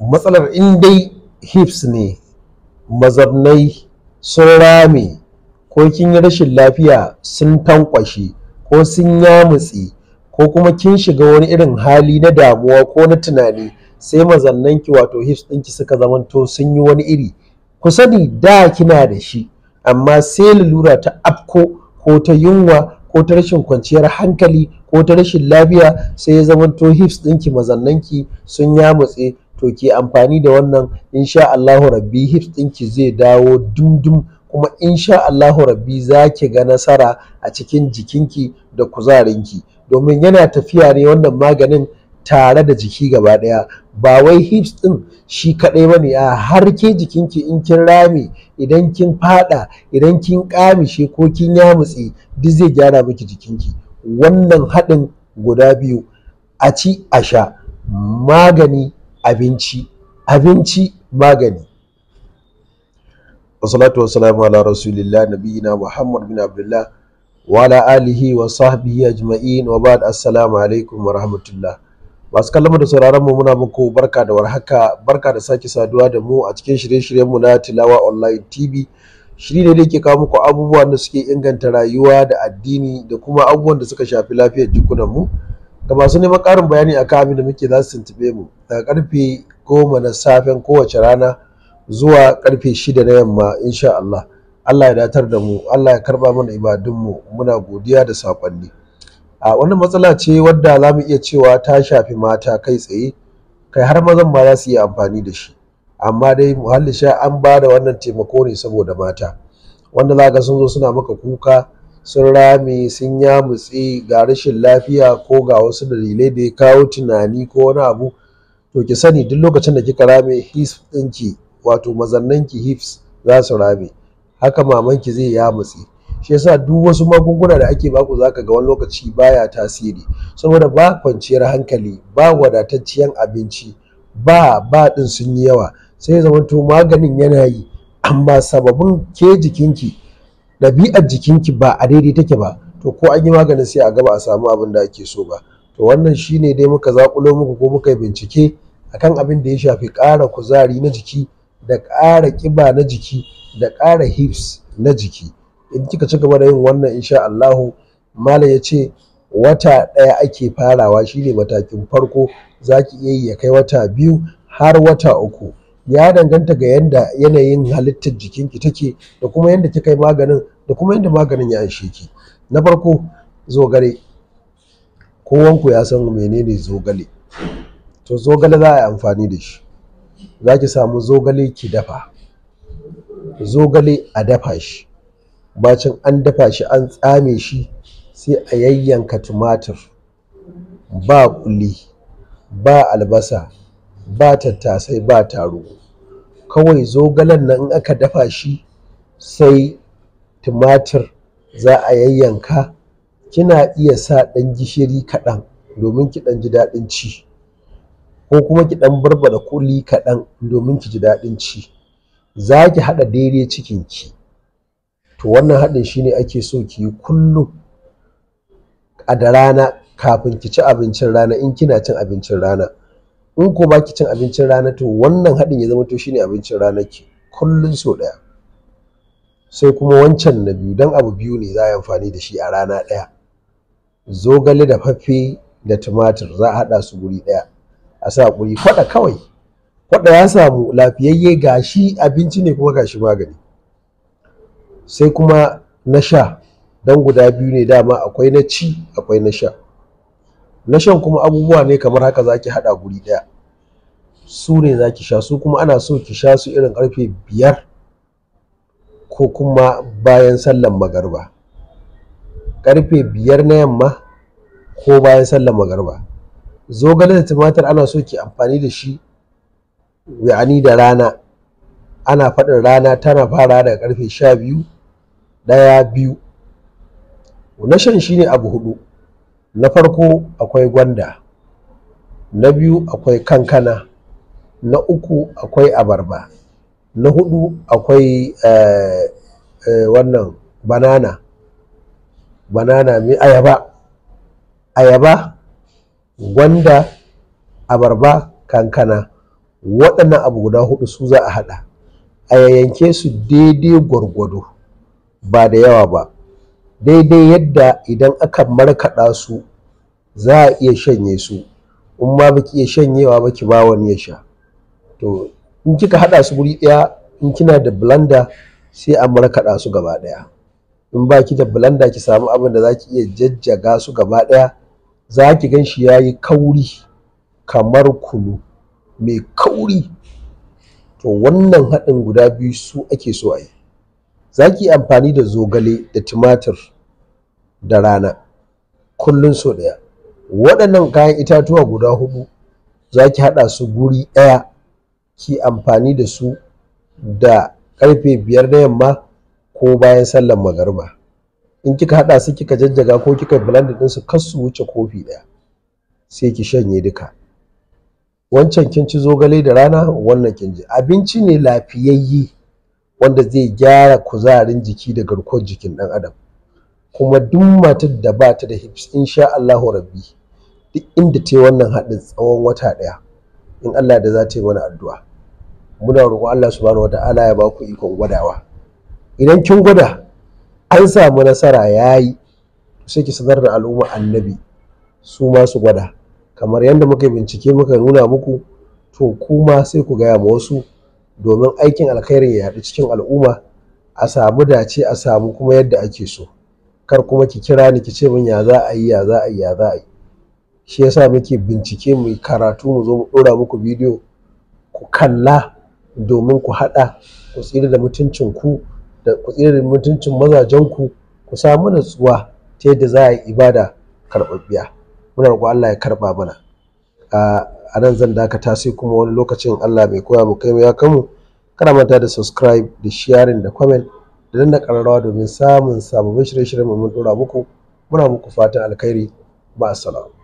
matsalar in dai hips ne mazabnai sun rame ko kin yi rashin lafiya sun tankwashe ko sun yamutse ko kuma kin shiga wani irin hali na damuwa ko na tunani sai mazannanki wato hips ɗinki suka zamanto sun yi wani iri ku sani da kina da shi amma sai lalura ta afko ko ta yunwa ko ta rashin kwanciyar hankali ko ta rashin lafiya sai ya zamanto hips ɗinki mazannanki sun yamutse to ke amfani da wannan insha Allahu rabbi hips ɗinki zai dawo dumdum kuma insha Allahu rabbi za ki ga nasara a cikin jikinki da kuzarinki domin yana tafiya ne wannan maganin tare da jiki gaba ɗaya ba wai hips ɗin shi kaɗai bane ne a har ke jikinki in kin rame idan kin faɗa idan kin ƙamishe ko kin yamutse duk zai gyara miki jikinki wannan haɗin guda biyu a ci a sha magani abinci abinci magani wasalatu wasalamu ala rasulillah nabiyina muhammad bin abdullah wa ala alihi wa sahbihi ajma'in wa ba'd assalamu alaikum wa rahmatullah masu kallon da sauraron mu muna muku barka da warhaka barka da sake saduwa da mu a cikin shirye-shiryen mu na tilawa online tv shiri ne da ke kawo muku abubuwan da suke inganta rayuwa da addini da kuma abubuwan da suka shafi lafiyar jikunan mu ga masu neman ƙarin bayani a kamin da muke za su tuntube mu daga karfe goma na safen kowace rana zuwa karfe shida na yamma insha Allah Allah ya datar da mu Allah ya karɓa mana ibadunmu muna godiya da sakonni a wannan matsala ce wadda za mu iya cewa ta shafi mata kai tsaye kai har mazan ma za su iya amfani da shi amma dai muhallisha an ba da wannan taimako ne saboda mata wanda za ka sun zo suna maka kuka sun rame sun ya mutsi ga rashin lafiya ko ga wasu dalilai da ya kawo tunani ko wani abu to ki sani duk lokacin da kika rame hips ɗinki wato mazannanki hips za su rame haka mamanki zai mutsi shi yasa duk wasu magunguna da ake baku zaka ga wani lokaci baya tasiri saboda ba kwanciyar hankali ba wadatacciyar abinci ba ba ɗin sun yi yawa sai zamanto maganin yana yi amma sababin ke jikinki ɗabi'ar jikinki ba a daidai take ba to ko an yi maganin sai a gaba a samu abin da ake so ba to wannan shine dai muka zakulo muku ko muka bincike akan abin da ya shafi ƙara kuzari na jiki da ƙara ƙiba na jiki da ƙara hips na jiki in kika ci gaba da yin wannan insha Allahu malam ya ce wata ɗaya ake farawa shine matakin farko zaki iya yi ya kai wata biyu har wata uku ya danganta ga yanda yanayin halittar jikinki take da kuma yanda kika yi maganin da kuma yadda maganin ya aishe ki na farko zogale kowanku ya san menene zogale to zogale za a yi amfani da shi za ki samu zogale ki dafa zogale a dafa shi bacin an dafa shi an tsame shi sai a yayyanka tumatir ba kuli ba albasa ba tattasai ba taro kawai zogalen nan in aka dafa shi sai tumatir za a yayyanka kina iya sa ɗan gishiri kaɗan domin ki ɗan ji daɗin ci ko kuma ki ɗan barbaɗa kuli kaɗan domin ki ji daɗin ci za ki haɗa daidai ki to wannan haɗin shine ake so ki yi kullum a da rana kafin ki ci abincin rana in kina cin abincin rana in ko ba ki cin abincin rana to wannan haɗin ya zama to shine abincin rana ki kullum sau ɗaya sai kuma wancan na biyu don abu biyu ne za a yi amfani da shi a rana ɗaya zogale da faffe da tumatir za a haɗa su guri ɗaya a sa guri faɗa kawai faɗa ya samu lafiyayye gashi abinci ne kuma gashi magani sai kuma na sha don guda biyu ne dama akwai na ci akwai na sha na shan kuma abubuwa ne kamar haka za ki haɗa guri ɗaya su ne za ki sha su kuma ana so ki sha su irin ƙarfe biyar ko kuma bayan sallan magarba karfe biyar na yamma ko bayan sallan magarba zogale da tumatir ana so ki amfani da shi ya'ani da rana ana faɗin rana tana fara daga karfe sha biyu ɗaya biyu na shan shi ne abu hudu na farko akwai gwanda na biyu akwai kankana na uku akwai abarba na hudu akwai eh, eh, wannan banana banana mai ayaba ayaba gwanda abarba kankana waɗannan abu guda hudu su za a haɗa a yayyanke su daidai gwargwado ba da yawa ba daidai yadda idan aka markaɗa su za a iya shanye su in ma baki iya shanyewa ba ki ba wani ya sha to in kika haɗa su guri ɗaya in kina da blender sai a markaɗa su gaba ɗaya in ba ki da blender ki samu abin da zaki iya jajjaga su gaba ɗaya zaki ki gan shi ya kauri kamar kunu mai kauri to wannan haɗin guda biyu su ake so a yi za yi amfani da zogale da tumatir da rana kullum so ɗaya waɗannan kayan itatuwa guda hudu zaki ki haɗa su guri ɗaya ki amfani da su da karfe biyar na yamma ko bayan sallar magariba in kika haɗa su kika jajjaga ko kika blend din su kar su wuce kofi ɗaya sai ki shanye duka wancan kin ci zogale da rana wannan kin ji abinci ne lafiyayye wanda zai gyara kuzarin jiki da garkuwar jikin ɗan adam kuma duk matar da ba ta da hips insha Allahu rabbi duk inda ta yi wannan haɗin tsawon wata ɗaya in Allah da za ta yi mana addu'a muna roƙon Allah subhanahu wata'ala ya ba ku ikon gwadawa idan kin gwada an samu nasara yayi sai ki sanar da al'umma annabi su ma su gwada kamar yadda muka bincike muka nuna muku to kuma sai ku gaya ma wasu domin aikin alkhairin ya yaɗu cikin al'umma a samu dace a samu kuma yadda ake so kar kuma ki kira ni ki ce min ya za a yi ya za a yi ya za a yi shi yasa muke bincike mu karatu mu zo mu ɗora muku bidiyo ku kalla domin ku haɗa ku tsira da mutuncin ku da ku tsira da mutuncin mazajen ku ku samu natsuwa ta yadda za a yi ibada karɓaɓɓiya muna roƙon Allah ya karɓa mana a nan zan dakata sai kuma wani lokacin Allah bai koya mu kai ya kamu kana manta da subscribe da sharing da comment da danna ƙararrawa domin samun sababbin shirye-shiryen mu mun dora muku muna muku fatan alkhairi Ba assalamu